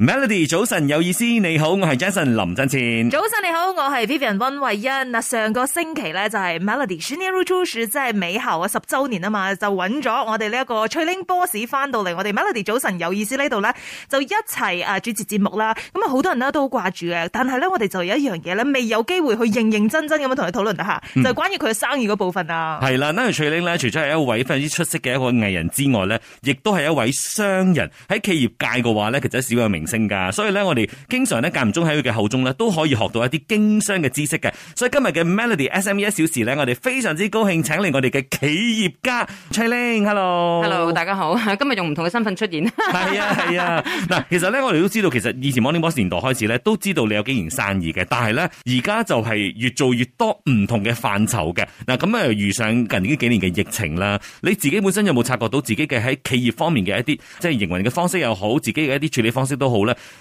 Melody 早晨有意思，你好，我係 Jason 林振前。早晨你好，我係 Vivian 溫慧欣啊。上個星期咧就係 Melody Studio 是，即係美校啊十周年啊嘛，就揾咗我哋呢一個翠玲 boss 翻到嚟，我哋 Melody 早晨有意思呢度咧就一齊啊主持節目啦。咁啊，好多人呢都好掛住嘅，但係咧我哋就有一樣嘢咧未有機會去認認真真咁樣同你討論下，就係、是、關於佢嘅生意嗰部分啊。係啦、嗯，因為翠玲咧除咗係一位非常之出色嘅一個藝人之外咧，亦都係一位商人，喺企業界嘅話咧，其實係小有名。噶，所以咧，我哋經常咧間唔中喺佢嘅口中咧都可以學到一啲經商嘅知識嘅。所以今日嘅 Melody SME 一小時咧，我哋非常之高興，請嚟我哋嘅企業家 Chiling，Hello，Hello，大家好，今日用唔同嘅身份出現。係啊係啊，嗱、啊，其實咧我哋都知道，其實以前 Boss 年代開始咧，都知道你有幾年生意嘅，但係咧而家就係越做越多唔同嘅範疇嘅。嗱咁啊，遇上近呢幾年嘅疫情啦，你自己本身有冇察覺到自己嘅喺企業方面嘅一啲即係營運嘅方式又好，自己嘅一啲處理方式都好。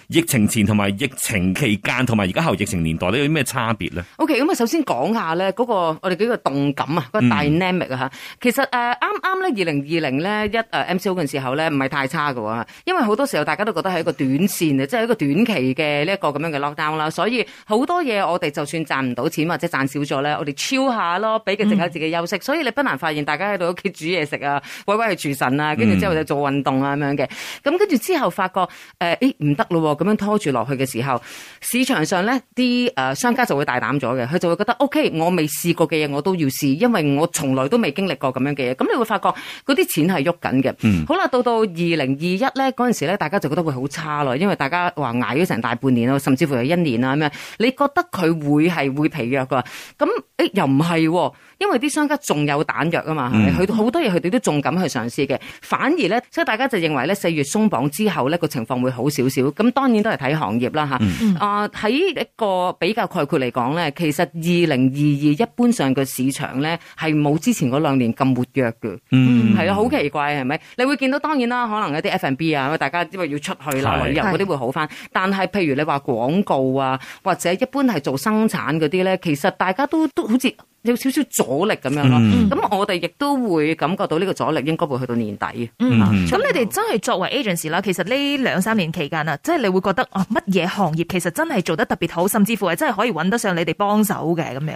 疫情前同埋疫情期間同埋而家後疫情年代咧，有啲咩差別咧？OK，咁啊，首先講下咧、那、嗰個我哋叫做動感啊，嗰個 dynamic 啊吓、嗯。其實誒，啱啱咧二零二零咧一誒 MCO 嘅時候咧，唔係太差嘅，因為好多時候大家都覺得係一個短線即係、就是、一個短期嘅呢一,一個咁樣嘅 lockdown 啦。所以好多嘢我哋就算賺唔到錢或者賺少咗咧，我哋超下咯，俾佢靜下自己休息。嗯、所以你不難發現，大家喺度屋企煮嘢食啊，威威去住神啊，跟住之後就做運動啊咁、嗯、樣嘅。咁跟住之後發覺誒。欸唔得咯，咁樣拖住落去嘅時候，市場上咧啲誒商家就會大膽咗嘅，佢就會覺得 O、OK, K，我未試過嘅嘢我都要試，因為我從來都未經歷過咁樣嘅嘢。咁你會發覺嗰啲錢係喐緊嘅。嗯、好啦，到到二零二一咧嗰陣時咧，大家就覺得會好差咯，因為大家話挨咗成大半年咯，甚至乎係一年啊咁樣。你覺得佢會係會疲弱噶？咁誒、欸、又唔係、啊，因為啲商家仲有彈藥啊嘛，佢好、嗯、多嘢佢哋都仲敢去嘗試嘅，反而咧，所以大家就認為咧四月鬆綁之後咧個情況會好少。咁，當然都係睇行業啦、嗯、啊，喺一個比較概括嚟講咧，其實二零二二一般上嘅市場咧，係冇之前嗰兩年咁活躍嘅，係、嗯、啊，好奇怪係咪？你會見到當然啦，可能有啲 F&B 啊，大家因為要出去啦旅遊嗰啲會好翻。但係譬如你話廣告啊，或者一般係做生產嗰啲咧，其實大家都都好似。有少少阻力咁樣咯，咁、嗯、我哋亦都會感覺到呢個阻力，應該會去到年底。咁你哋真係作為 agency 啦，其實呢兩三年期間啊，即係你會覺得乜嘢、哦、行業其實真係做得特別好，甚至乎係真係可以揾得上你哋幫手嘅咁樣。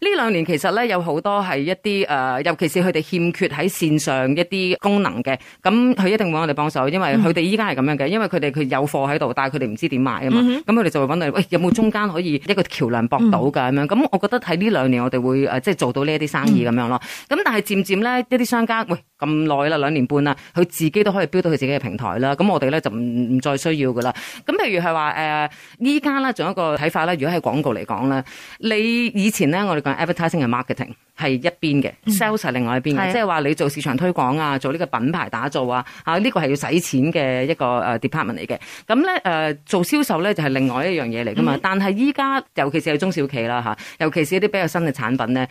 呢兩年其實咧有好多係一啲誒、呃，尤其是佢哋欠缺喺線上一啲功能嘅，咁佢一定會揾我哋幫手，因為佢哋依家係咁樣嘅，因為佢哋佢有貨喺度，但係佢哋唔知點賣啊嘛，咁佢哋就會揾我哋，喂、哎，有冇中間可以一個橋樑駁到噶咁、嗯、樣？咁我覺得喺呢兩年我哋會。誒，即係做到呢一啲生意咁樣咯。咁、嗯、但係漸漸咧，一啲商家喂。咁耐啦，兩年半啦，佢自己都可以標到佢自己嘅平台啦。咁我哋咧就唔唔再需要噶啦。咁譬如係話誒，依家咧仲有一個睇法咧，如果喺廣告嚟講咧，你以前咧我哋講 advertising 同 marketing 係一邊嘅，嗯，sales 係另外一邊嘅，即係話你做市場推廣啊，做呢個品牌打造啊，啊呢個係要使錢嘅一個 department 嚟嘅。咁咧誒做銷售咧就係另外一樣嘢嚟噶嘛。嗯、但係依家尤其是係中小企啦，尤其是一啲比較新嘅產品咧，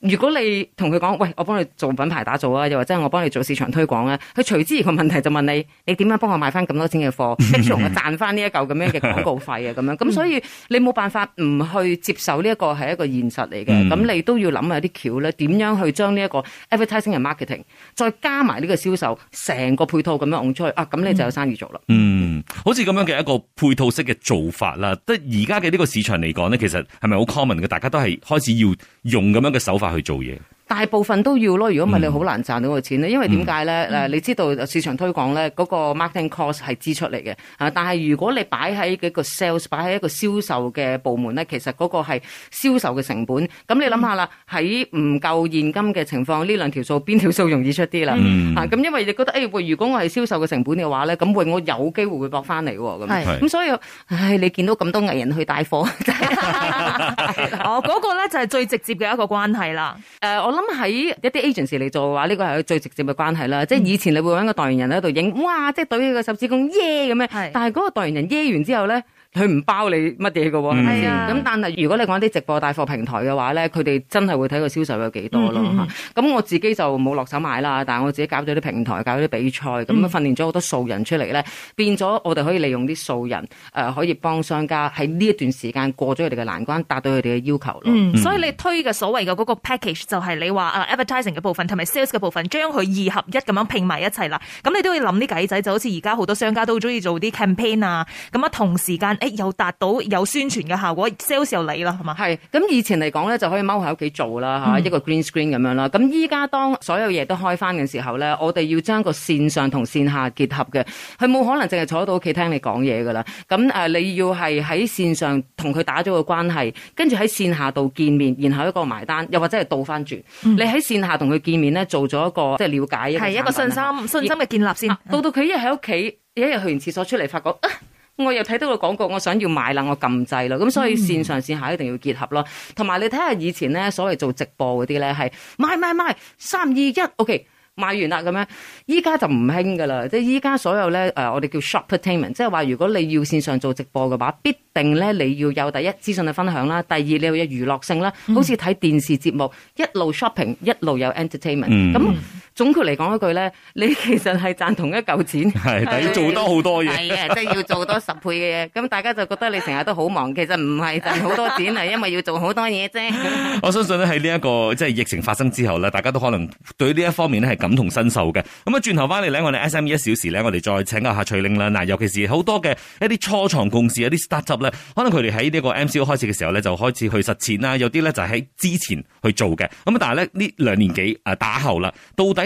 如果你同佢講，喂，我幫你做品牌打造啊，又或者我幫你做市場推廣咧，佢隨之而個問題就問你：你點樣幫我買翻咁多錢嘅貨，跟住我而賺翻呢一嚿咁樣嘅廣告費啊？咁 樣咁，所以你冇辦法唔去接受呢一個係一個現實嚟嘅。咁 你都要諗下啲橋咧，點樣去將呢一個 advertising 同 marketing 再加埋呢個銷售，成個配套咁樣用出去啊？咁你就有生意做啦。 嗯，好似咁樣嘅一個配套式嘅做法啦，即係而家嘅呢個市場嚟講咧，其實係咪好 common 嘅？大家都係開始要用咁樣嘅手法去做嘢。大部分都要咯，如果唔係你好難賺到個錢咧，嗯、因為點解咧？誒、你知道市場推廣咧嗰、嗰個 marketing cost 係支出嚟嘅、啊、但係如果你擺喺幾個 sales，擺喺一個銷售嘅部門咧，其實嗰個係銷售嘅成本。咁你諗下啦，喺唔夠現金嘅情況，呢兩條數邊條數容易出啲啦？咁、嗯啊、因為你覺得、哎、喂如果我係銷售嘅成本嘅話咧，咁我會有機會會搏翻嚟喎。咁，咁是所以，唉，你見到咁多藝人去帶貨，哦，嗰個咧就係最直接嘅一個關係啦。Uh, 我。諗喺一啲 agents 嚟做嘅話，呢個係最直接嘅關係啦。即係以前你會揾個代言人喺度影，嘩，即係懟起個手指公耶咁，yeah! 樣，但係嗰個代言人耶，yeah、完之後呢？佢唔包你乜嘢嘅喎，咁但係如果你講啲直播帶貨平台嘅話咧，佢哋真係會睇個銷售有幾多咯咁、嗯嗯啊、我自己就冇落手買啦，但係我自己搞咗啲平台，搞咗啲比賽，咁啊訓練咗好多素人出嚟咧，嗯、變咗我哋可以利用啲素人誒、呃，可以幫商家喺呢一段時間過咗佢哋嘅難關，達到佢哋嘅要求咯。嗯、所以你推嘅所謂嘅嗰個 package 就係你話啊 advertising 嘅部分同埋 sales 嘅部分，將佢二合一咁樣拼埋一齊啦。咁你都要諗啲計仔，就好似而家好多商家都中意做啲 campaign 啊，咁啊同時間。又達到有宣傳嘅效果，sales 又你啦，係嘛？係咁以前嚟講咧，就可以踎喺屋企做啦，吓、嗯、一個 green screen 咁樣啦。咁依家，當所有嘢都開翻嘅時候咧，我哋要將個線上同線下結合嘅，佢冇可能淨係坐喺到屋企聽你講嘢噶啦。咁誒，你要係喺線上同佢打咗個關係，跟住喺線下度見面，然後一個埋單，又或者係倒翻住。嗯、你喺線下同佢見面咧，做咗一個即係、就是、了解，係一個信心信心嘅建立先。啊、到到佢一日喺屋企，一日去完廁所出嚟，發覺啊。我又睇到個廣告，我想要買啦，我撳掣啦，咁所以線上線下一定要結合咯。同埋你睇下以前呢，所謂做直播嗰啲呢，係買買買三二一，OK 買完啦咁樣。依家就唔興噶啦，即係依家所有呢，呃、我哋叫 shoppertainment 即係話如果你要線上做直播嘅話，必定呢你要有第一資訊嘅分享啦，第二你要有娛樂性啦，好似睇電視節目一路 shopping 一路有 entertainment 咁、嗯。總括嚟講一句咧，你其實係賺同一嚿錢，係但要做多好多嘢，係啊，是 即係要做多十倍嘅嘢。咁大家就覺得你成日都好忙，其實唔係賺好多錢啊，因為要做好多嘢啫。我相信咧喺呢一個即係疫情發生之後咧，大家都可能對呢一方面咧係感同身受嘅。咁啊，轉頭翻嚟咧，我哋 SME 一小時咧，我哋再請教下翠玲啦。嗱，尤其是好多嘅一啲初創公司、一啲 start up 咧，可能佢哋喺呢個個 MCO 開始嘅時候咧，就開始去實踐啦。有啲咧就喺之前去做嘅。咁但係咧呢兩年幾啊打後啦，到底？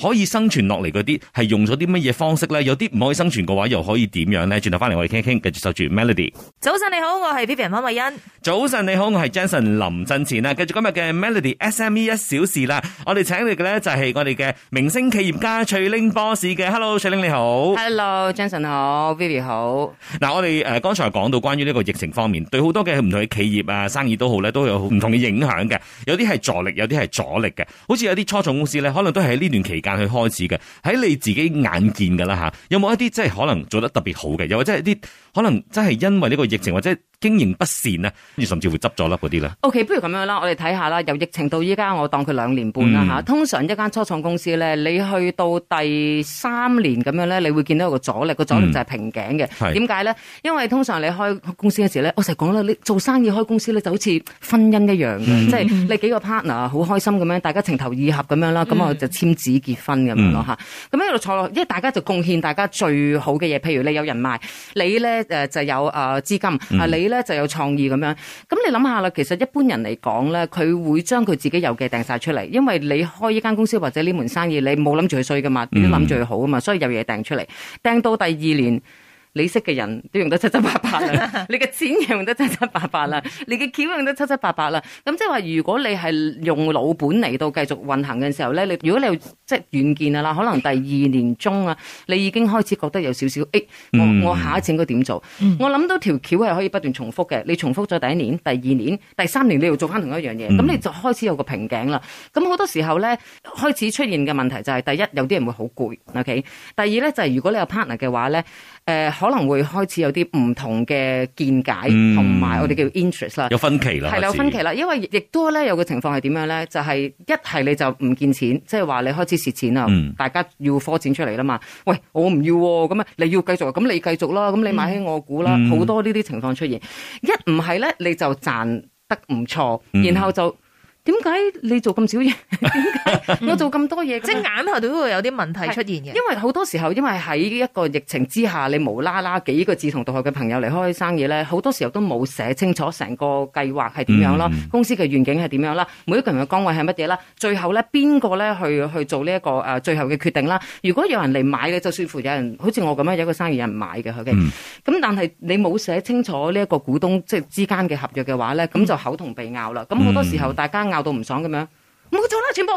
可以生存落嚟嗰啲係用咗啲乜嘢方式咧？有啲唔可以生存嘅話，又可以點樣咧？轉頭翻嚟我哋傾一傾，繼續守住 Melody。早晨你好，我係 Vivian 方慧欣。早晨你好，我係 Jason 林振前啊！繼續今日嘅 Melody SME 一小時啦。我哋請嚟嘅咧就係我哋嘅明星企業家翠玲博士嘅。Hello，翠玲你好。Hello，Jason 好，Vivian 好。嗱，我哋誒剛才講到關於呢個疫情方面，對好多嘅唔同嘅企業啊生意都好咧，都有唔同嘅影響嘅。有啲係助力，有啲係阻力嘅。好似有啲初創公司咧，可能都係喺呢段期間。去開始嘅，喺你自己眼見噶啦吓，有冇一啲即係可能做得特別好嘅，又或者係一啲？可能真係因為呢個疫情或者經營不善咧，甚至會執咗啦嗰啲啦 O K，不如咁樣啦，我哋睇下啦。由疫情到依家，我當佢兩年半啦吓。嗯、通常一間初創公司咧，你去到第三年咁樣咧，你會見到有個阻力，個阻力就係瓶頸嘅。點解咧？因為通常你開公司嘅時咧，我成日講啦，你做生意開公司咧，就好似婚姻一樣嘅。嗯、即係你幾個 partner 好開心咁樣，大家情投意合咁樣啦，咁、嗯、我就簽紙結婚咁、嗯、樣咯吓。咁一路坐落，因為大家就貢獻大家最好嘅嘢，譬如你有人脈，你咧。誒就有誒資金，啊、嗯、你咧就有創意咁樣。咁你諗下啦，其實一般人嚟講咧，佢會將佢自己有嘅訂晒出嚟，因為你開呢間公司或者呢門生意，你冇諗住去衰噶嘛，都諗住佢好啊嘛，所以有嘢訂出嚟，訂到第二年。你識嘅人都用得七七八八啦， 你嘅錢用得七七八八啦，你嘅橋用得七七八八啦。咁即係話，如果你係用老本嚟到繼續運行嘅時候咧，你如果你有即係軟件啊啦，可能第二年中啊，你已經開始覺得有少少誒，我我下一次應該點做？嗯、我諗到條橋係可以不斷重複嘅，嗯、你重複咗第一年、第二年、第三年你，你要做翻同一樣嘢，咁你就開始有個瓶頸啦。咁好多時候咧，開始出現嘅問題就係、是、第一，有啲人會好攰。O、okay? K，第二咧就係、是、如果你有 partner 嘅話咧，誒、呃。可能會開始有啲唔同嘅見解，同埋、嗯、我哋叫 interest 啦，有分歧啦，係啦，分歧啦，因為亦都咧有個情況係點樣咧？就係、是、一係你就唔見錢，即係話你開始蝕錢啦，嗯、大家要攞錢出嚟啦嘛。喂，我唔要喎，咁啊，你要繼續，咁你繼續啦，咁你買起我股啦，好、嗯、多呢啲情況出現。一唔係咧，你就賺得唔錯，然後就，嗯點解你做咁少嘢？點解我做咁多嘢？即、 嗯、眼下都會有啲問題出現嘅。因為好多時候，因為喺一個疫情之下，你無啦啦幾個志同道合嘅朋友嚟開生意咧，好多時候都冇寫清楚成個計劃係點樣啦，嗯嗯，公司嘅願景係點樣啦，每一個人嘅崗位係乜嘢啦，最後咧邊個咧去去做呢、這、一個誒、啊、最後嘅決定啦？如果有人嚟買嘅，就似乎有人好似我咁樣有一個生意有人買嘅佢嘅。咁但係你冇寫清楚呢一個股東即係之間嘅合約嘅話咧，咁就口同鼻拗啦。咁好多時候大家。鬧到唔爽咁樣，冇好做啦，全部，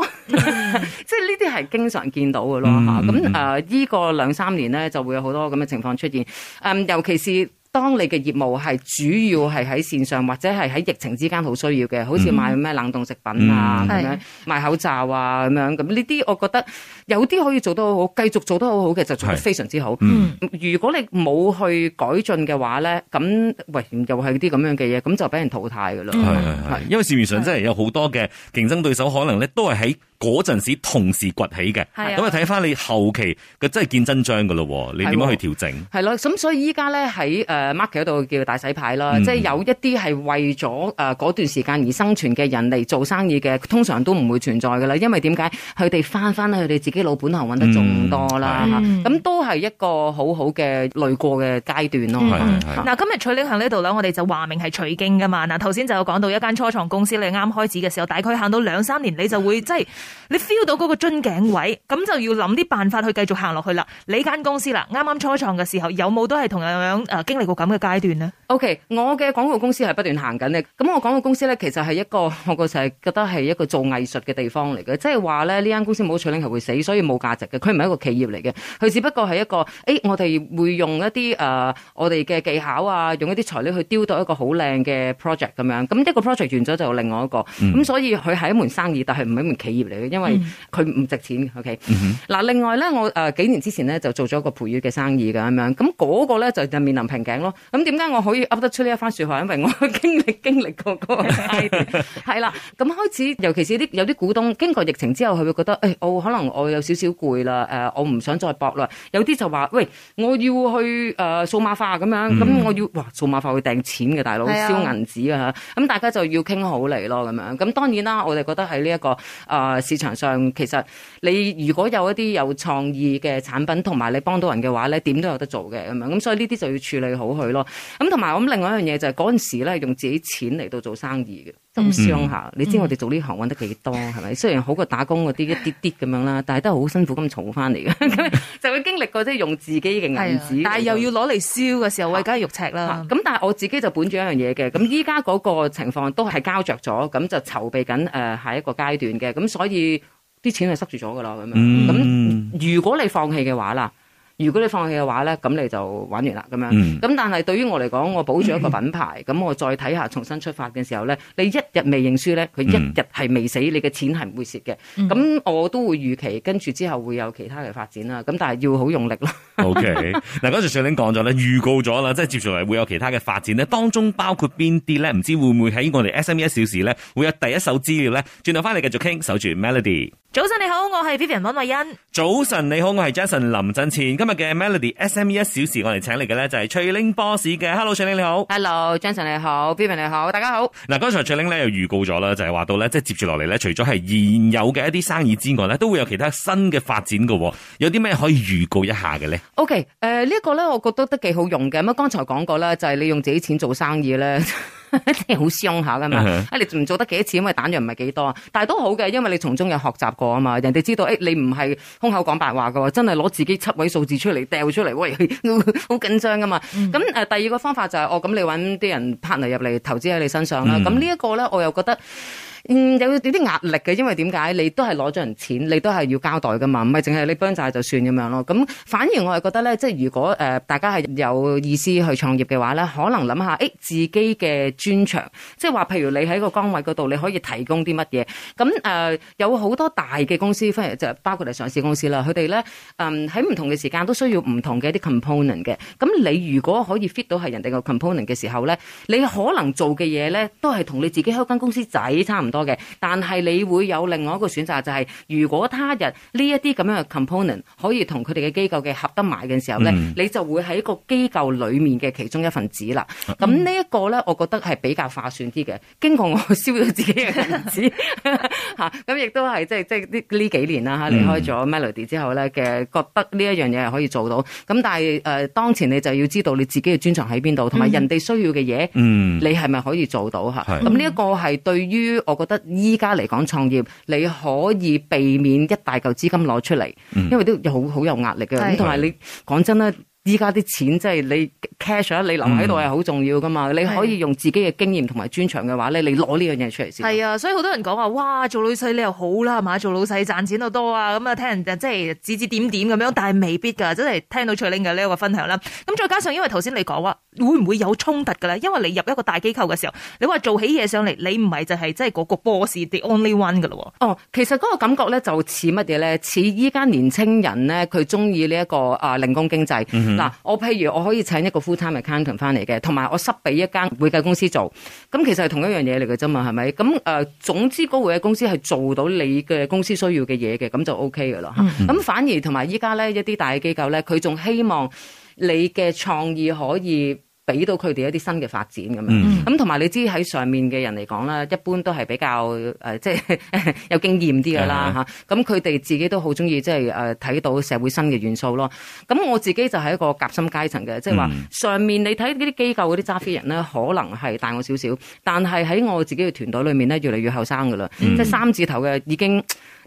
即係呢啲係經常見到嘅咯吓，咁誒、嗯嗯嗯啊，呢個兩三年咧就會有好多咁嘅情況出現，誒，尤其是。當你嘅業務係主要係喺線上，或者係喺疫情之間好需要嘅，好似賣咩冷凍食品啊咁樣，賣口罩啊咁樣，咁呢啲我覺得有啲可以做得好好，繼續做得好好嘅就做得非常之好。如果你冇去改進嘅話咧，咁喂，又係啲咁樣嘅嘢，咁就俾人淘汰㗎啦。係因為市面上真係有好多嘅競爭對手，可能咧都係喺。嗰陣時同時崛起嘅，咁啊睇翻你後期佢真係見真章喇咯，你點樣去調整？係咯、啊，咁、啊、所以依家咧喺誒 market 度叫大洗牌啦，嗯、即係有一啲係為咗誒嗰段時間而生存嘅人嚟做生意嘅，通常都唔會存在㗎啦。因為點解佢哋翻翻去佢哋自己老本行搵得仲多啦？咁都係一個好好嘅累過嘅階段咯。嗱、嗯，啊啊嗯、今日取鈴行呢度咧，我哋就話明係取經嘅嘛。嗱，頭先就有講到一間初創公司，你啱開始嘅時候，大概行到兩三年，你就會即係。你 feel 到嗰個樽頸位，咁就要諗啲辦法去繼續行落去啦。你間公司啦，啱啱初創嘅時候，有冇都係同樣樣誒經歷過咁嘅階段呢 OK, 我嘅廣告公司係不斷行緊嘅。咁我廣告公司咧，其實係一個我個成日覺得係一個做藝術嘅地方嚟嘅，即係話咧呢間公司冇取領頭會死，所以冇價值嘅。佢唔係一個企業嚟嘅，佢只不過係一個誒、欸，我哋會用一啲誒、呃、我哋嘅技巧啊，用一啲材料去雕到一個好靚嘅 project 咁樣。咁一個 project 完咗就有另外一個。咁、嗯嗯、所以佢係一門生意，但係唔係一門企業嚟。因為佢唔值錢，O K。嗱、okay? 嗯哼啊，另外咧，我誒、呃、幾年之前咧就做咗個培育嘅生意嘅咁樣，咁、那、嗰個咧就面臨瓶頸咯。咁點解我可以噏得出呢一番說話？因為我經歷經歷過個係啦。咁 開始，尤其是啲有啲股東經過疫情之後，佢會覺得誒，我、哎哦、可能我有少少攰啦，誒、呃，我唔想再搏啦。有啲就話喂，我要去誒數碼化咁樣，咁、嗯、我要哇數碼化會掟錢嘅大佬燒銀紙啊咁、嗯、大家就要傾好嚟咯咁樣。咁當然啦，我哋覺得喺呢一個誒。呃市場上其實你如果有一啲有創意嘅產品，同埋你幫到人嘅話咧，點都有得做嘅咁樣。咁所以呢啲就要處理好佢咯。咁同埋我諗另外一樣嘢就係嗰陣時咧用自己錢嚟到做生意嘅。咁傷下，嗯嗯嗯、你知我哋做呢行搵得幾多，係咪？嗯、雖然好過打工嗰啲一啲啲咁樣啦，但係都係好辛苦咁儲翻嚟嘅， 就會經歷過即係用自己嘅銀紙，啊、但係又要攞嚟燒嘅時候，我梗係肉赤啦。咁、啊啊、但係我自己就本住一樣嘢嘅，咁依家嗰個情況都係膠着咗，咁就籌備緊誒、呃、下一個階段嘅，咁所以啲錢係塞住咗噶啦，咁咁、嗯、如果你放棄嘅話啦。如果你放棄嘅話咧，咁你就玩完啦咁樣。咁、嗯、但係對於我嚟講，我保住一個品牌，咁、嗯、我再睇下重新出發嘅時候咧，你一日未認輸咧，佢一日係未死，嗯、你嘅錢係唔會蝕嘅。咁、嗯、我都會預期跟住之後會有其他嘅發展啦。咁但係要好用力咯。OK，嗱嗰時上年講咗咧，預 告咗啦，即係接住嚟會有其他嘅發展咧，當中包括邊啲咧？唔知會唔會喺我哋 S M E 一小時咧會有第一手資料咧？轉頭翻嚟繼續傾，守住 Melody。早晨你好，我係 Vivian 文慧欣。早晨你好，我係 Jason 林振前。今日嘅 Melody SME 一小時我哋請嚟嘅咧就係翠玲博士嘅 Hello 翠玲你好，Hello 張晨你好，Vivian 你好，大家好。嗱剛才翠玲咧又預告咗啦，就係、是、話到咧即係接住落嚟咧，除咗係現有嘅一啲生意之外咧，都會有其他新嘅發展嘅。有啲咩可以預告一下嘅咧？OK，誒呢一個咧我覺得都幾好用嘅。咁啊剛才講過啦，就係、是、你用自己錢做生意咧。 一定好傷下噶嘛，啊、uh huh. 你唔做得幾多次，因為彈藥唔係幾多啊，但係都好嘅，因為你從中有學習過啊嘛，人哋知道誒、欸、你唔係空口講白話噶，真係攞自己七位數字出嚟掉出嚟，喂，好緊張噶嘛，咁誒、嗯呃、第二個方法就係、是、哦，咁你搵啲人 partner 入嚟投資喺你身上啦，咁、嗯、呢一個咧我又覺得。嗯，有有啲壓力嘅，因為點解你都係攞咗人錢，你都係要交代嘅嘛，唔係淨係你幫曬就算咁樣咯。咁反而我係覺得咧，即係如果誒大家係有意思去創業嘅話咧，可能諗下誒、欸、自己嘅專長，即係話譬如你喺個崗位嗰度你可以提供啲乜嘢。咁誒、呃、有好多大嘅公司，反而就包括係上市公司啦，佢哋咧嗯喺唔同嘅時間都需要唔同嘅一啲 component 嘅。咁你如果可以 fit 到係人哋個 component 嘅時候咧，你可能做嘅嘢咧都係同你自己開間公司仔差唔。多嘅，但係你會有另外一個選擇，就係、是、如果他日呢一啲咁樣嘅 component 可以同佢哋嘅機構嘅合得埋嘅時候咧，嗯、你就會喺個機構裡面嘅其中一份子啦。咁呢一個咧，我覺得係比較划算啲嘅。經過我燒咗自己嘅銀紙嚇，咁亦、 嗯、都係即係即係呢呢幾年啦嚇，離開咗 Melody 之後咧嘅，覺得呢一樣嘢係可以做到。咁但係誒、呃，當前你就要知道你自己嘅專長喺邊度，同埋人哋需要嘅嘢，嗯、你係咪可以做到嚇？咁呢一個係對於我覺得依家嚟講創業，你可以避免一大嚿資金攞出嚟，因為都好好有壓力嘅。咁同埋你講的真咧，依家啲錢即係你 cash 你留喺度係好重要噶嘛。嗯、你可以用自己嘅經驗同埋專長嘅話咧，的你攞呢樣嘢出嚟先。係啊，所以好多人講話，哇，做老細你又好啦，係嘛，做老細賺錢又多啊。咁啊，聽人即係、就是、指指點點咁樣，但係未必噶。真係聽到翠玲嘅呢個分享啦。咁再加上因為頭先你講話，會唔會有衝突㗎咧？因為你入一個大機構嘅時候，你話做起嘢上嚟，你唔係就係即係嗰個 boss the only one 㗎咯喎。哦，其實嗰個感覺咧就似乜嘢咧？似依家年青人咧，佢中意呢一個啊、呃、零工經濟。嗱、嗯哼，我譬如我可以請一個 full time accountant 翻嚟嘅，同埋我塞俾一間會計公司做，咁其實係同一樣嘢嚟嘅啫嘛，係咪？咁誒、呃，總之嗰會計公司係做到你嘅公司需要嘅嘢嘅，咁就 OK 㗎喇。咁、嗯、哼反而同埋依家咧一啲大機構咧，佢仲希望你嘅創意可以。俾到佢哋一啲新嘅發展咁樣，咁同埋你知喺上面嘅人嚟講啦，一般都係比較即係、呃就是、 有經驗啲噶啦嚇。咁佢哋自己都好中意即係睇到社會新嘅元素咯。咁我自己就係一個夾心階層嘅，即係話上面你睇嗰啲機構嗰啲揸飛人咧，可能係大我少少，但係喺我自己嘅團隊裏面咧，越嚟越後生噶啦，即係三字頭嘅已經。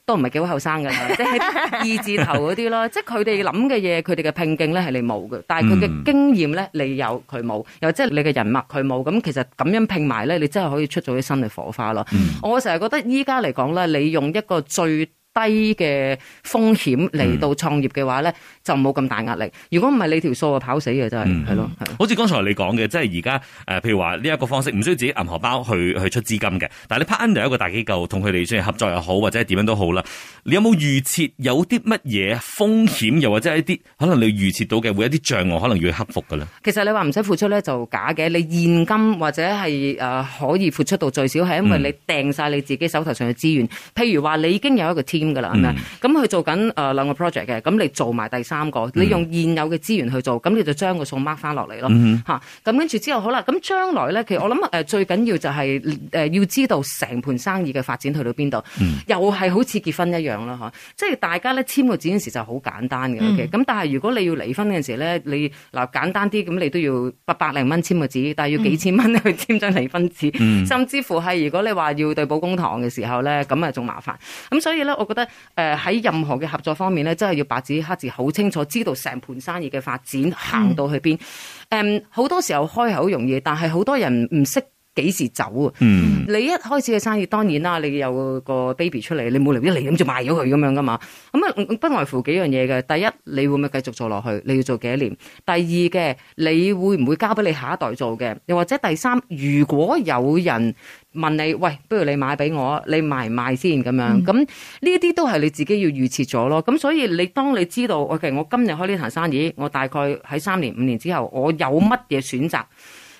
都唔係幾好後生㗎啦，即係啲二字頭嗰啲咯，即係佢哋諗嘅嘢，佢哋嘅拼勁咧係你冇嘅，但係佢嘅經驗咧你有佢冇，又即係你嘅人脈佢冇，咁其實咁樣拼埋咧，你真係可以出咗啲新嘅火花咯。我成日覺得依家嚟講咧，你用一個最低嘅風險嚟到創業嘅話咧、嗯，就冇咁大壓力。如果唔係你條數就跑死嘅真係，係咯。好似剛才你講嘅，即係而家誒，譬如話呢一個方式唔需要自己揞荷包去去出資金嘅。但係你 partner 一個大機構同佢哋先係合作又好，或者點樣都好啦。你有冇預設有啲乜嘢風險，又或者一啲可能你預設到嘅會有啲障礙，可能要克服嘅咧？其實你話唔使付出咧就假嘅。你現金或者係誒、呃、可以付出到最少，係因為你掟晒你自己手頭上嘅資源。嗯、譬如話你已經有一個咁佢、嗯嗯嗯、做緊誒兩個 project 嘅、嗯，咁你做埋第三個，你用現有嘅資源去做，咁、嗯、你就將個數 mark 翻落嚟咯。吓、嗯，咁跟住之後好啦，咁、嗯、將來咧，其實我諗誒、呃、最緊要就係、是、誒、呃、要知道成盤生意嘅發展去到邊度。又係好似結婚一樣啦，吓，即係大家咧簽個字嗰時就好簡單嘅，咁、嗯、但係如果你要離婚嗰陣時咧，你嗱簡單啲，咁你都要八百零蚊簽個字，但係要幾千蚊去簽張離婚紙，嗯、甚至乎係如果你話要對簿公堂嘅時候咧，咁啊仲麻煩。咁、嗯、所以咧，我覺誒，喺任何嘅合作方面咧，真係要白紙黑字好清楚，知道成盤生意嘅發展行到去邊。嗯，好、um, 多時候開口容易，但係好多人唔識幾時走啊。嗯，你一開始嘅生意，當然啦，你有個 baby 出嚟，你冇嚟一嚟，咁就賣咗佢咁樣噶嘛。咁啊，不外乎幾樣嘢嘅。第一，你會唔會繼續做落去？你要做幾多年？第二嘅，你會唔會交俾你下一代做嘅？又或者第三，如果有人？問你，喂，不如你買俾我，你賣唔賣先咁樣？咁呢啲都係你自己要預設咗咯。咁所以你當你知道，我、OK，其實我今日開呢壇生意，我大概喺三年五年之後，我有乜嘢選擇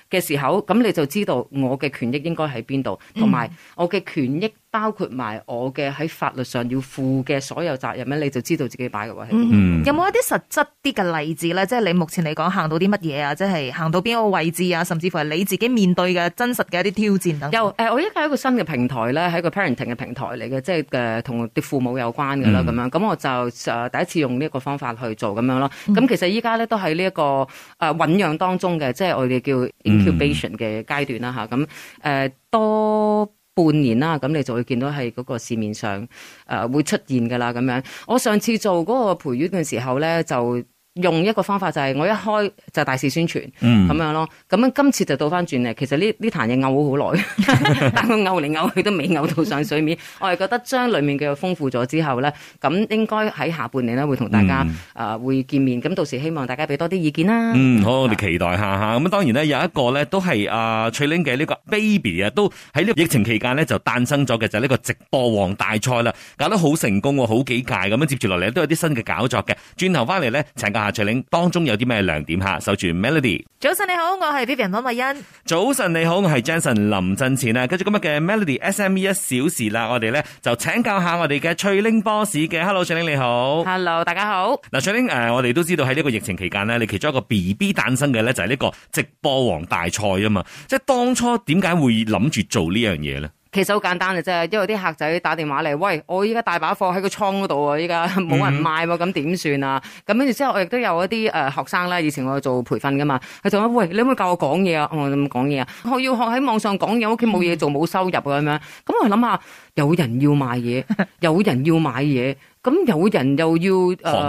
嘅時候，咁你就知道我嘅權益應該喺邊度，同埋我嘅權益。包括埋我嘅喺法律上要負嘅所有責任咧，你就知道自己擺嘅位。嗯、有冇一啲實質啲嘅例子咧？即係你目前嚟講行到啲乜嘢啊？即係行到邊個位置啊？甚至乎係你自己面對嘅真實嘅一啲挑戰。等。又誒、呃，我依家係一個新嘅平台咧，係一個 parenting 嘅平台嚟嘅，即係誒同啲父母有關嘅啦。咁樣，咁我就誒、呃、第一次用呢一個方法去做咁樣咯。咁、嗯、其實依家咧都喺呢一個誒醞釀當中嘅，即係我哋叫 incubation 嘅階段啦吓咁誒多半年啦，咁你就會見到係嗰個市面上誒、呃、會出現噶啦咁樣，我上次做嗰個培育嘅時候咧，就用一個方法就係、是、我一開就大肆宣傳，咁、嗯、樣咯。咁樣今次就倒翻轉嚟，其實呢呢壇嘢嘔好耐， 但佢我嘔嚟嘔去都未嘔到上水面。 我係覺得將裡面嘅嘢豐富咗之後咧，咁應該喺下半年咧會同大家啊、嗯呃、會見面。咁到時希望大家俾多啲意見啦。嗯，好，我哋期待下嚇。咁啊當然咧有一個咧都係阿、啊、翠玲嘅呢個 baby 啊，都喺呢個疫情期間咧就誕生咗嘅就呢、是、個直播王大賽啦，搞得好成功喎，好幾屆咁樣接住落嚟都有啲新嘅搞作嘅。轉頭翻嚟咧，請教下。翠玲當中有啲咩亮點？下守住 Melody。早晨你好，我係 Vivian 粉麥欣。早晨你好，我係 Jensen 林振前啊！跟住今日嘅 Melody S M E 一小時啦，我哋咧就請教下我哋嘅翠玲 boss 嘅 Hello 翠玲你好，Hello 大家好。嗱翠玲誒，我哋都知道喺呢個疫情期間呢，你其中一個 B B 誕生嘅咧就係呢個直播王大賽啊嘛，即係當初點解會諗住做呢樣嘢咧？其實好簡單嘅啫，因為啲客仔打電話嚟，喂，我依家大把貨喺個倉度啊，依家冇人賣喎，咁點算啊？咁跟住之後，我亦都有一啲誒學生咧，以前我做培訓㗎嘛，佢就話，喂，你可唔可以教我講嘢啊、哦？我點講嘢啊，我要學喺網上講嘢，屋企冇嘢做，冇收入啊咁樣。咁我諗下，有人要賣嘢，有人要買嘢。 咁有人又要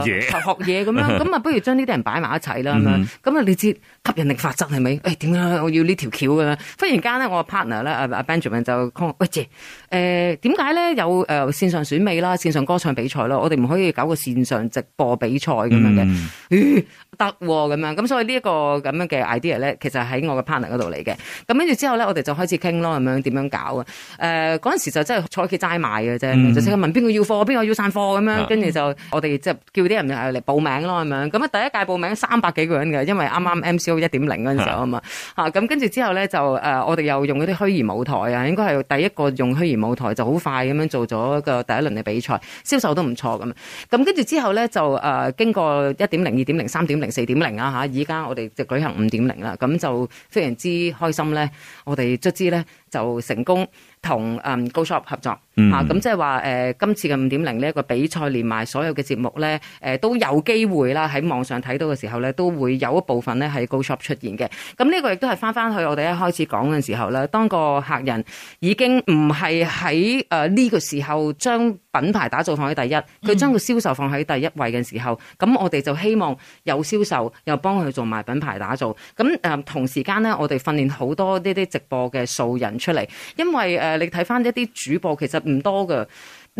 學嘢東、呃、學嘢咁樣，咁啊 不如將呢啲人擺埋一齊啦咁樣，咁啊你知吸引力法則係咪？誒點、哎、樣我要呢條橋咁樣？忽然間咧，我 partner 咧阿、啊、Benjamin 就講：喂姐，誒點解咧有誒、呃、線上選美啦、線上歌唱比賽啦？我哋唔可以搞個線上直播比賽咁樣嘅？咦得喎咁樣，咁所以這這呢一個咁樣嘅 idea 咧，其實喺我嘅 partner 嗰度嚟嘅。咁跟住之後咧，我哋就開始傾咯，咁樣點樣搞啊？誒、呃、嗰時就真係坐企齋賣嘅啫，嗯、就即刻問邊個要貨，邊個要散貨。咁樣，跟住就我哋即係叫啲人係嚟報名咯，咁樣。咁啊第一屆報名三百幾個人嘅，因為啱啱 MCO 一點零嗰陣時候啊嘛。嚇，咁跟住之後咧就誒，我哋又用嗰啲虛擬舞台啊，應該係第一個用虛擬舞台，就好快咁樣做咗個第一輪嘅比賽，銷售都唔錯咁。咁跟住之後咧就誒，經過一點零、二點零、三點零、四點零啊嚇，而家我哋就舉行五點零啦。咁就非常之開心咧，我哋卒之咧。就成功同嗯 GoShop 合作嚇，咁即係話誒今次嘅五點零呢一個比賽連埋所有嘅節目咧，誒、呃、都有機會啦。喺網上睇到嘅時候咧，都會有一部分咧喺 GoShop 出現嘅。咁、嗯、呢、呢個亦都係翻翻去我哋一開始講嘅時候咧，當個客人已經唔係喺誒呢個時候將。品牌打造放喺第一，佢將個銷售放喺第一位嘅時候，咁、嗯、我哋就希望有銷售又幫佢做埋品牌打造。咁同時間呢，我哋訓練好多呢啲直播嘅素人出嚟，因為誒，你睇翻一啲主播其實唔多㗎。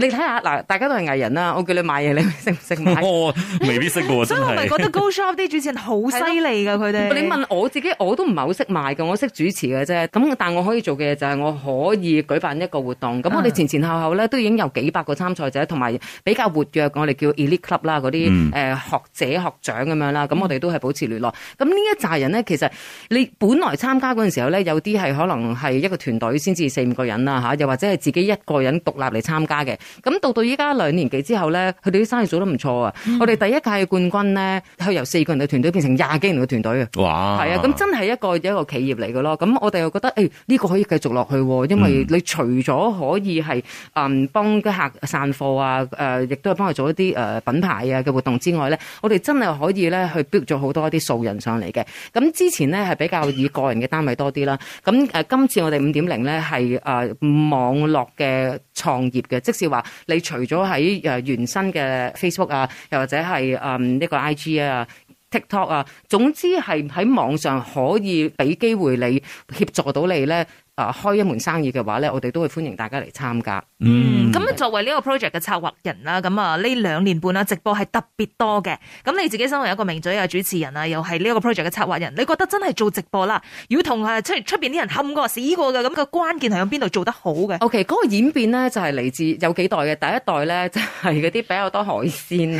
你睇下嗱，大家都係藝人啦，我叫你買嘢，你識唔識買？ 我未必識喎。 所以我咪覺得 Go Shop 啲主持人好犀利噶，佢哋。 都們你問我自己，我都唔係好識買嘅，我識主持嘅啫。咁，但我可以做嘅就係我可以舉辦一個活動。咁我哋前前後後咧都已經有幾百個參賽者，同埋比較活躍，我哋叫 Elite Club 啦，嗰啲誒學者學長咁樣啦。咁我哋都係保持聯絡。咁呢一紮人咧，其實你本來參加嗰陣時候咧，有啲係可能係一個團隊先至四五個人啦嚇，又或者係自己一個人獨立嚟參加嘅。咁到到依家兩年幾之後咧，佢哋啲生意做得唔錯啊！我哋第一屆嘅冠軍咧，係由四個人嘅團隊變成廿幾人嘅團隊啊！哇！係啊，咁真係一個一個企業嚟嘅咯。咁我哋又覺得，誒呢個可以繼續落去，因為你除咗可以係誒幫啲客散貨啊，誒亦都係幫佢做一啲誒品牌啊嘅活動之外咧，我哋真係可以咧去 build 咗好多一啲素人上嚟嘅。咁之前咧係比較以個人嘅單位多啲啦。咁誒今次我哋五點零咧係誒網絡嘅創業嘅，即使話你除咗喺原生嘅 Facebook 啊，又或者係誒呢個 IG 啊、TikTok 啊，總之係喺網上可以俾機會你協助到你咧。開開一門生意嘅話咧，我哋都會歡迎大家嚟參加。嗯，咁、嗯、作為呢個 project 嘅策劃人啦，咁啊呢兩年半啦，直播係特別多嘅。咁你自己身為一個名嘴啊、主持人啊，又係呢個 project 嘅策劃人，你覺得真係做直播啦，要同啊出出邊啲人冚過屎過嘅，咁個關鍵係喺邊度做得好嘅？O K，嗰個演變呢，就係、是、嚟自有幾代嘅，第一代咧就係嗰啲比較多海鮮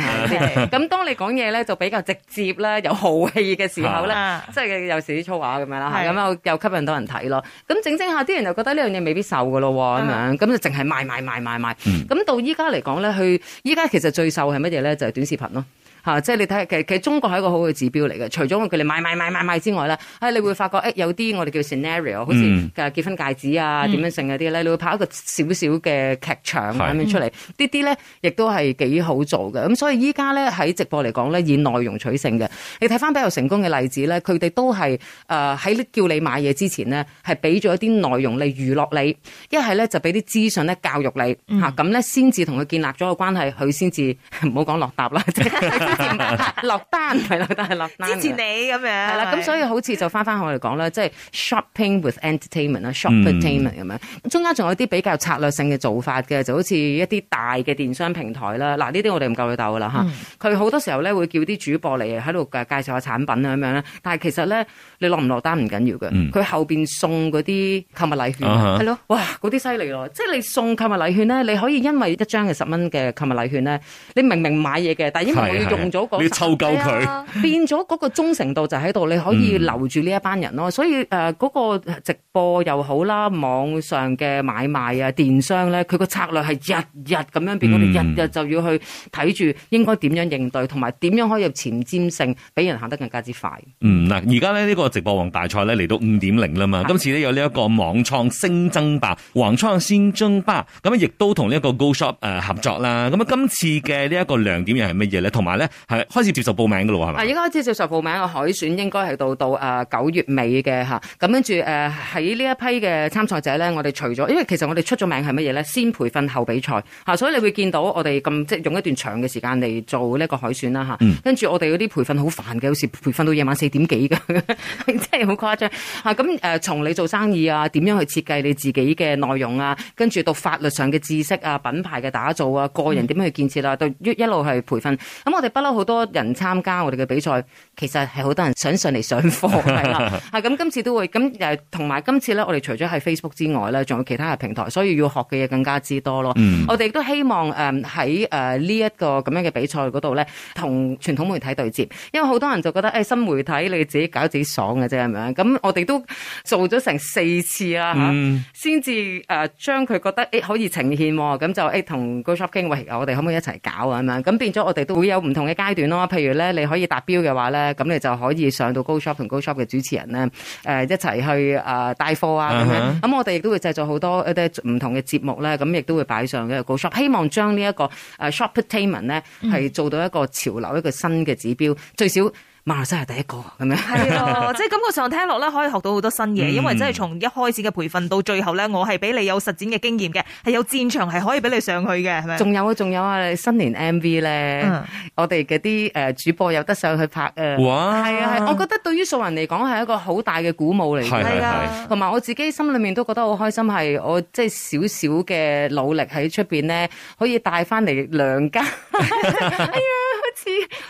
咁 當你講嘢咧就比較直接啦，有豪氣嘅時候咧，啊、即係有少啲粗話咁樣啦，咁的又吸引到人睇咯。咁整整。啲、啊、人又覺得呢樣嘢未必受嘅咯喎，咁的樣咁就淨係賣賣賣賣賣。咁、嗯、到依家嚟講咧，去依家其實最受係乜嘢咧？就係、是、短視頻咯。吓、啊！即係你睇下，其實其實中國係一個好嘅指標嚟嘅。除咗佢哋買買買買買之外呢、啊，你會發覺誒、哎、有啲我哋叫 scenario，好似誒、嗯、結婚戒指啊點、嗯、樣性嗰啲咧，你會拍一個少少嘅劇場咁樣、嗯、出嚟。呢啲咧亦都係幾好做嘅。咁所以依家咧喺直播嚟講咧，以內容取勝嘅。你睇翻比較成功嘅例子咧，佢哋都係誒喺叫你買嘢之前咧，係俾咗啲內容嚟娛樂你，呢一係咧就俾啲資訊咧教育你嚇。咁咧先至同佢建立咗個關係，佢先至唔好講落搭啦。 落 單係落單係落單支持你咁樣係啦。咁的的所以好似就翻翻我哋講啦，即係 shopping with entertainment 啊，shop entertainment 咁樣。中間仲有啲比較策略性嘅做法嘅，就好似一啲大嘅電商平台啦。嗱，呢啲我哋唔夠佢鬥噶啦嚇。佢好多時候咧會叫啲主播嚟喺度介紹下產品啊咁樣咧。但係其實咧，你落唔落單唔緊要嘅。佢後邊送嗰啲購物禮券係咯、嗯，哇嗰啲犀利喎！即係你送購物禮券咧，你可以因為一張嘅十蚊嘅購物禮券咧，你明明買嘢嘅，但係因為我要用。那個、你咗嗰抽夠佢、啊，變咗嗰個忠誠度就喺度，你可以留住呢一班人咯、啊。嗯、所以嗰、呃那個直播又好啦，網上嘅買賣啊、電商咧，佢個策略係日日咁樣變，嗰你日日就要去睇住應該點樣應對，同埋點樣可以有前瞻性，俾人行得更加之快。嗯嗱，而家咧呢、這個直播王大賽咧嚟到五點零啦嘛，的今次咧有呢一個網創星爭霸，網創星爭霸咁亦都同呢一個 GoShop、呃、合作啦。咁啊，今次嘅呢一個亮點又係乜嘢咧？同埋咧。係開始接受報名噶咯，係咪？啊，而家開始接受報名啊！海選應該係到到誒九月尾嘅吓，咁、啊、跟住誒喺呢一批嘅參賽者咧，我哋除咗，因為其實我哋出咗名係乜嘢咧？先培訓後比賽吓、啊，所以你會見到我哋咁即係用一段長嘅時間嚟做呢個海選啦吓。嗯、啊。跟住我哋嗰啲培訓好煩嘅，好似培訓到夜晚四點幾噶，真係好誇張吓。咁、啊、誒，從、啊、你做生意啊，點樣去設計你自己嘅內容啊，跟住到法律上嘅知識啊，品牌嘅打造啊，個人點樣去建設啊到一路係培訓。咁、啊、我哋好多人參加我哋嘅比賽。其實係好多人想上嚟上課係啦，咁、 啊、今次都會咁誒同埋今次咧，我哋除咗喺 Facebook 之外咧，仲有其他嘅平台，所以要學嘅嘢更加之多咯。嗯、我哋都希望誒喺誒呢一個咁樣嘅比賽嗰度咧，同傳統媒體對接，因為好多人就覺得誒、欸、新媒體你自己搞自己爽嘅啫咁樣。咁我哋都做咗成四次啦吓先至誒將佢覺得誒、欸、可以呈現喎，咁就誒同、欸、Go Shopping 喂、欸，我哋可唔可以一齊搞啊咁樣，咁變咗我哋都會有唔同嘅階段咯。譬如咧，你可以達標嘅話咧。咁你就可以上到 Go Shop 同 Go Shop 嘅主持人咧，誒、呃，一齊去誒帶貨啊咁樣。咁、uh huh. 我哋亦都會製作好多一啲唔同嘅節目咧，咁亦都會擺上嘅 Go Shop。希望將、這個呃、呢一個誒 Shoptainment 咧係做到一個潮流，一個新嘅指標，最少。馬來西亞係第一個，咁樣係咯，即係、 就是、感覺上聽落咧，可以學到好多新嘢。嗯、因為真係從一開始嘅培訓到最後咧，我係俾你有實踐嘅經驗嘅，係有戰場，係可以俾你上去嘅，係咪？仲有啊，仲有啊，新年 M V 咧，嗯、我哋嘅啲誒主播有得上去拍哇，係啊，係、啊，我覺得對於素人嚟講係一個好大嘅鼓舞嚟。係啊，同埋、啊、我自己心裏面都覺得好開心，係我即係少少嘅努力喺出邊呢，可以帶翻嚟兩家。 哎呀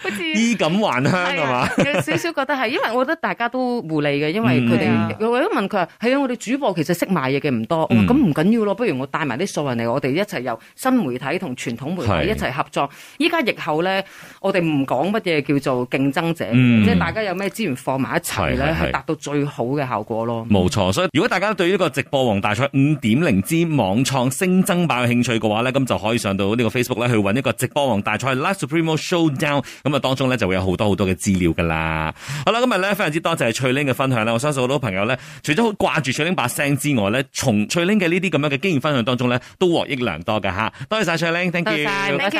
好似衣錦還鄉係嘛？有少少覺得係，因為我覺得大家都互利嘅，因為佢哋，我都、嗯是啊、問佢話，係啊，我哋主播其實識賣嘢嘅唔多，咁唔緊要咯，不如我帶埋啲素人嚟，我哋一齊由新媒體同傳統媒體一齊合作。依家疫後咧，我哋唔講乜嘢叫做競爭者，嗯、即係大家有咩資源放埋一齊咧，係達是到最好嘅效果咯。冇錯，所以如果大家對呢個直播王大賽五點零之網創新增版嘅興趣嘅話咧，咁就可以上到呢個 Facebook 咧去搵一個直播王大賽 Live Supreme Show 咁啊，當中咧就會有好多好多嘅資料噶啦。好啦，今日咧非常之多謝翠玲嘅分享啦。我相信好多朋友咧，除咗掛住翠玲把聲之外咧，從翠玲嘅呢啲咁樣嘅經驗分享當中咧，都獲益良多嘅吓。多謝晒翠玲，thank you，多謝，thank you，翠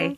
玲。